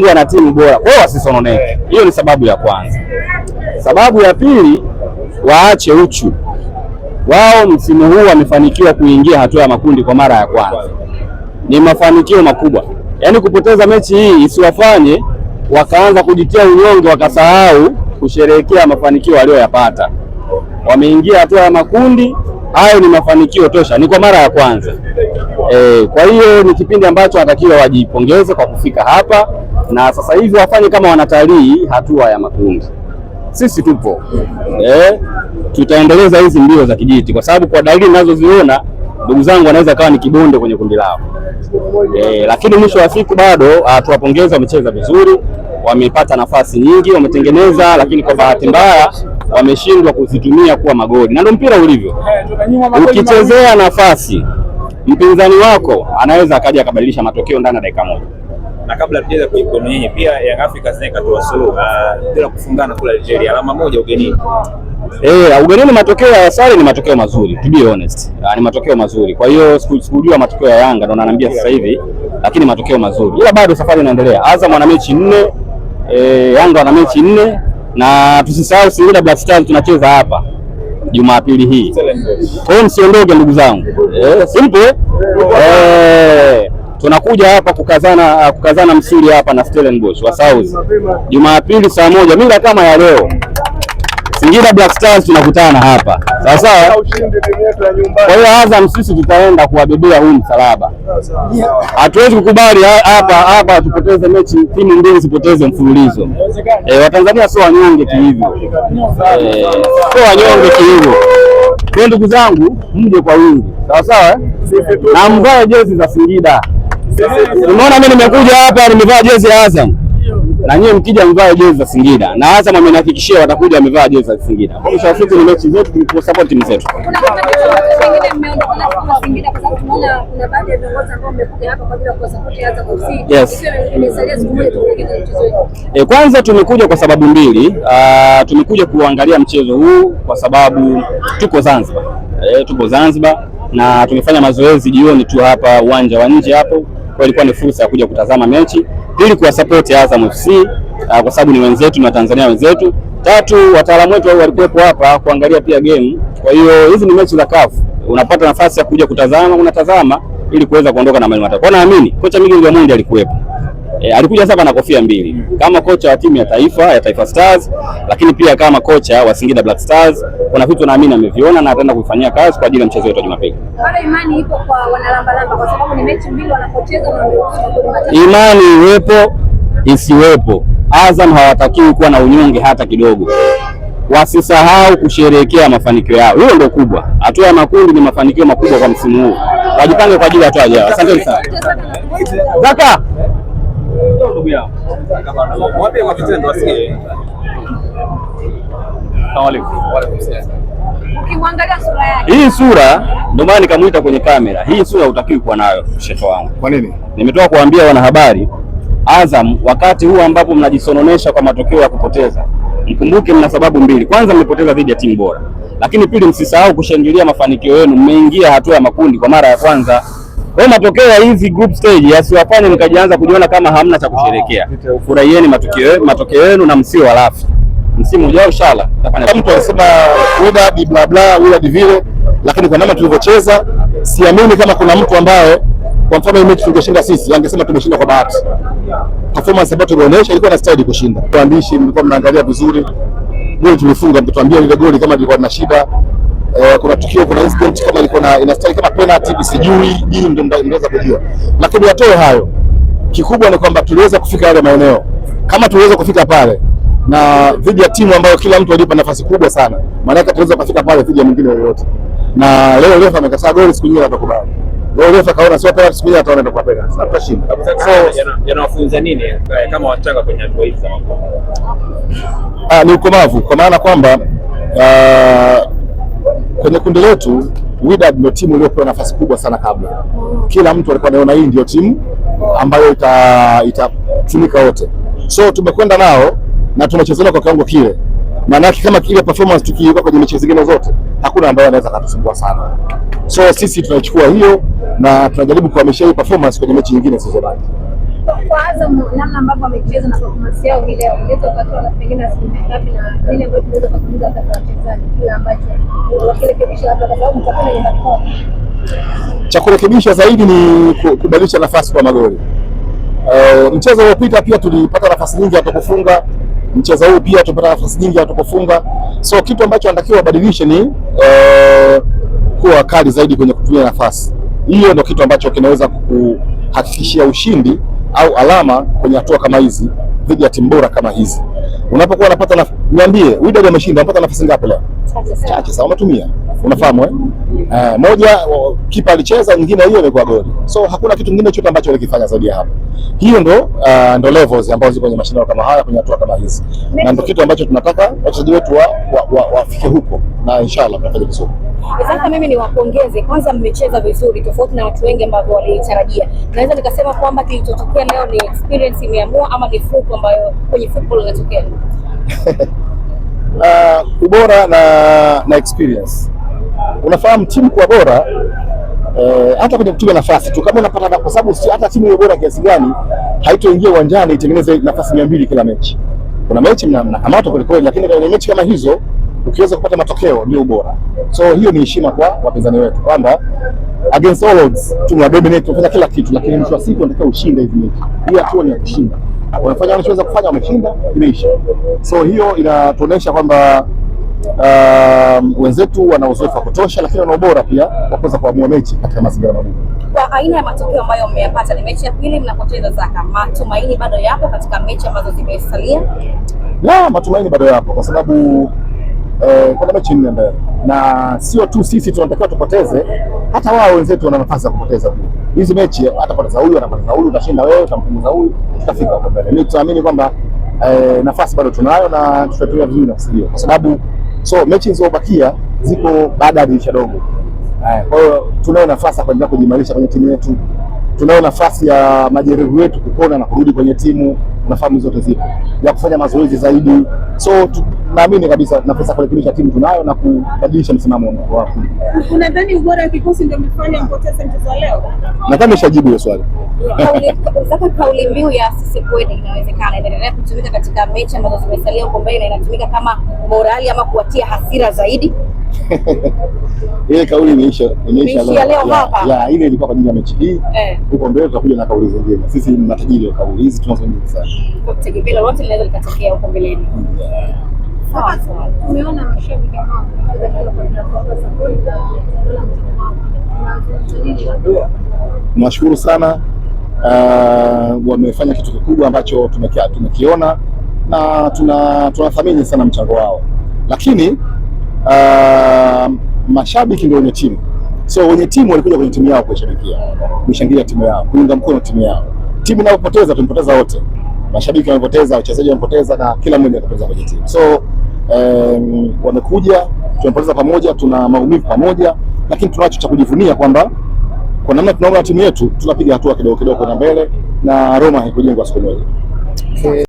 Mnangagwa ana timu bora, kwa hiyo wasisononeke. Eh. Hiyo ni sababu ya kwanza. Sababu ya pili, waache uchu. Wao msimu huu wamefanikiwa kuingia hatua ya makundi kwa mara ya kwanza, ni mafanikio makubwa. Yaani kupoteza mechi hii isiwafanye wakaanza kujitia unyonge, wakasahau kusherehekea mafanikio walioyapata. Wameingia hatua ya makundi, hayo ni mafanikio tosha, ni kwa mara ya kwanza. E, kwa hiyo ni kipindi ambacho anatakiwa wajipongeze kwa kufika hapa na sasa hivi wafanye kama wanatalii hatua ya makundi. Sisi tupo eh, tutaendeleza hizi mbio za kijiti kwa sababu kwa dalili ninazoziona ndugu zangu wanaweza kawa ni kibonde kwenye kundi lao eh, lakini mwisho wa siku bado ah, tuwapongeze, wamecheza vizuri, wamepata nafasi nyingi, wametengeneza, lakini kwa bahati mbaya wameshindwa kuzitumia kuwa magoli, na ndio mpira ulivyo. Eh, Ukichezea nafasi mpinzani wako anaweza akaja akabadilisha matokeo ndani ya dakika moja na kabla tujaweza yenye pia Young Africans naye katoa suluhu ah, bila kufungana kula Algeria alama moja ugenini. Eh, ugenini matokeo ya sare ni matokeo mazuri, to be honest. Uh, ni matokeo mazuri. Kwa hiyo sikujua matokeo ya Yanga ndo naambia sasa hivi, lakini matokeo mazuri. Ila bado safari inaendelea. Azam ana mechi nne, eh, Yanga ana mechi nne na tusisahau Singida Black Stars tunacheza hapa Jumapili hii. Kwa hiyo msiondoke ndugu zangu. Eh, simple. Eh, tunakuja hapa kukazana kukazana msuli hapa na Stellenbosch wa South Jumapili saa moja mila kama ya leo. Singida Black Stars tunakutana hapa sawa sawa. Kwa hiyo Azam sisi tutaenda kuwabebea huu msalaba, hatuwezi kukubali hapa hapa tupoteze mechi, timu mbili zipoteze mfululizo. Eh, Watanzania sio wanyonge kihivyo, eh, sio wanyonge kihivyo. ndugu zangu, mje kwa wingi sawa sawa, eh? na mvae jezi za Singida. Umeona, mimi nimekuja hapa nimevaa jezi ya Azam na nyie mkija mvaa jezi za Singida na Azam amenihakikishia watakuja wamevaa jezi za Singida. Mwisho wa siku ni mechi zetu, ni support timu zetu. Yes. E, kwanza tumekuja kwa sababu mbili. Uh, tumekuja kuangalia mchezo huu kwa sababu tuko Zanzibar. E, tuko Zanzibar na tumefanya mazoezi jioni tu hapa uwanja wa nje hapo kwa ilikuwa ni fursa ya kuja kutazama mechi, ili kuwasapoti Azam FC uh, ah, kwa sababu ni wenzetu na Tanzania wenzetu. Tatu, wataalamu wetu walikuwepo hapa kuangalia pia game. Kwa hiyo hizi ni mechi za CAF, unapata nafasi ya kuja kutazama, unatazama ili kuweza kuondoka na mali matatu. Kwa naamini kocha Miguel Gamondi alikuwepo. E, alikuja hapa na kofia mbili kama kocha wa timu ya taifa ya Taifa Stars, lakini pia kama kocha wa Singida Black Stars. Kuna vitu naamini ameviona na ataenda kuifanyia kazi kwa ajili ya mchezo wetu wa Jumapili. Bado imani ipo kwa wanalamba lamba kwa Imani iwepo isiwepo, Azam hawatakiwi kuwa na unyonge hata kidogo. Wasisahau kusherehekea mafanikio yao, hiyo ndio kubwa. Hatua ya makundi ni mafanikio makubwa kwa msimu huu, wajipange kwa ajili ya hatua ijayo. Asanteni sana Zaka ukimwangalia sura yake. Hii sura ndio maana nikamuita kwenye kamera. Hii sura hutakiwi kuwa nayo shehe wangu. Kwa nini? Nimetoka kuambia wanahabari Azam, wakati huu ambapo mnajisononesha kwa matokeo ya kupoteza, mkumbuke mna sababu mbili. Kwanza, mmepoteza dhidi ya timu bora, lakini pili, msisahau kushangilia mafanikio yenu. Mmeingia hatua ya makundi kwa mara ya kwanza. Kwa matokeo ya hizi group stage yasiwafanye mkajianza kujiona kama hamna cha kusherekea. Ah, Furahieni matokeo yenu na msio walafi msimu ujao inshallah tutafanya. Mtu anasema Wydad bla bla Wydad vile, lakini kwa namna tulivyocheza siamini kama kuna mtu ambaye kwa mfano hii mechi tungeshinda sisi angesema tumeshinda kwa bahati. Performance ambayo tulionyesha ilikuwa na style kushinda. Waandishi mlikuwa mnaangalia vizuri goli tulifunga, mtatuambia ile goli kama ilikuwa na shida Uh, kuna tukio, kuna incident kama ilikuwa na inastahili kama penalty, sijui hii ndio ndioweza kujua, lakini watoe hayo. Kikubwa ni kwamba tuliweza kufika yale maeneo, kama tuliweza kufika pale na dhidi ya timu ambayo kila mtu alipa nafasi kubwa sana, maanake ataweza kufika pale dhidi ya mwingine yoyote. Na leo refa amekataa goli, siku nyingine atakubali. Leo refa kaona sio penalty, siku nyingine ataona ndio penalty, sasa So Yanawafunza nini eh, kama wachanga kwenye hatua hizi? Ah, ni ukomavu, kwa maana kwamba ah, kwenye kundi letu Wydad ndio timu iliyopewa nafasi kubwa sana kabla. Kila mtu alikuwa anaona hii ndio timu ambayo itatumika ita wote, so tumekwenda nao na tunachezana kwa kiwango kile. Maanake kama kile performance tukiiweka kwenye mechi zingine zote, hakuna ambaye anaweza kutusumbua sana. So sisi tunachukua hiyo na tunajaribu kuhamisha hiyo performance kwenye mechi nyingine zilizobaki. Cha kurekebisha zaidi ni kubadilisha nafasi kwa magoli. Uh, mchezo uliopita pia tulipata nafasi nyingi ya kufunga mchezo huu pia tupata nafasi nyingi hatukufunga. So kitu ambacho anatakiwa abadilishe ni uh, kuwa kali zaidi kwenye kutumia nafasi. Hiyo ndio kitu ambacho kinaweza kuhakikishia ushindi au alama kwenye hatua kama hizi dhidi ya timu bora kama hizi. Unapokuwa unapata naf... niambie, Wydad ameshinda, unapata nafasi ngapi leo? Chache sana unatumia. Unafahamu eh? Uh, moja kipa alicheza, nyingine hiyo ilikuwa goli, so hakuna kitu kingine chote ambacho alikifanya zaidi ya hapo. Hiyo ndo uh, ndo levels ambazo ziko kwenye mashindano kama haya, kwenye hatua kama hizi, na ndo kitu ambacho tunataka wachezaji wetu wafike wa, wa, wa huko, na inshallah tutafanya vizuri. Sasa mimi niwapongeze kwanza, mmecheza vizuri tofauti na watu wengi ambao walitarajia. Naweza nikasema kwamba kilichotokea leo ni experience imeamua, ama ni fuko ambayo kwenye football inatokea. Uh, ubora na na experience unafahamu timu kwa bora e, hata kwenye kutumia nafasi tu, kama unapata, kwa sababu hata timu hiyo bora kiasi gani haitoingia uwanjani itengeneze nafasi mia mbili kila mechi. Kuna mechi mnakamatwa kweli kweli, lakini kwenye mechi kama hizo ukiweza kupata matokeo ndio ubora. So hiyo ni heshima kwa wapinzani wetu kwamba against all odds tuna dominate tunafanya kila kitu, lakini mwisho wa siku tunataka ushinde hizi mechi. Hii hatua ni ya kushinda, wanafanya wanachoweza kufanya, wameshinda, imeisha. So hiyo inatuonesha kwamba um, wenzetu wana uzoefu wa kutosha, lakini wana ubora pia wa kuweza kuamua mechi katika mazingira magumu. Kwa aina ya matokeo ambayo mmeyapata, ni mechi ya pili mnapoteza Zaka, matumaini bado yapo katika mechi ambazo zimesalia? La, matumaini bado yapo kwa sababu Eh, kuna mechi nne mbele na sio tu sisi tunatakiwa tupoteze, hata wao wenzetu wana nafasi ya kupoteza hizi mechi. Atapoteza huyu, anapoteza huyu, utashinda wewe, utampunguza huyu, utafika huko mbele. Mimi tunaamini kwamba eh, nafasi bado tunayo na tutatumia vizuri nafasi hiyo kwa sababu So mechi zilizobakia ziko baada ya dirisha dogo. Kwa hiyo tunayo nafasi ya kuendelea kujimarisha kwenye timu yetu, tunayo nafasi ya majeruhi wetu kupona na kurudi kwenye timu nafahamu zote zipo ya kufanya mazoezi zaidi, so naamini kabisa nafasi ya kurekebisha timu tunayo na kubadilisha msimamo wao. Unadhani ubora wa kikosi ndio umefanya kupoteza mchezo leo? Nadhani nishajibu hiyo swali. Kauli mbiu ya sisi kweli inawezekana inaendelea kutumika katika mechi ambazo zimesalia huko mbele na inatumika kama morali ama kuwatia hasira zaidi. ile kauli imeisha imeisha leo Ya ile ilikuwa kwa ajili ya mechi hii. Eh. Huko mbele tutakuja na kauli zingine. Sisi ni matajiri wa kauli hizi tunazozungumza sana. Kwa tegemeo lolote linaweza likatokea huko mbeleni. Mm, sawa Nashukuru sana uh, wamefanya kitu kikubwa ambacho tumekiona na tunathamini tuna sana mchango wao, lakini uh, mashabiki ndio wenye timu, so wenye timu walikuja kwenye timu yao kuishabikia, kuishangilia timu yao, kuunga mkono timu yao. Timu inapopoteza tumpoteza wote, mashabiki wamepoteza, wachezaji wamepoteza, na kila mmoja atapoteza kwenye timu. So um, wamekuja, tumepoteza pamoja, tuna maumivu pamoja, lakini tunacho cha kujivunia kwamba kwa namna tunaona timu yetu tunapiga hatua kidogo kidogo na mbele, na Roma haikujengwa siku moja.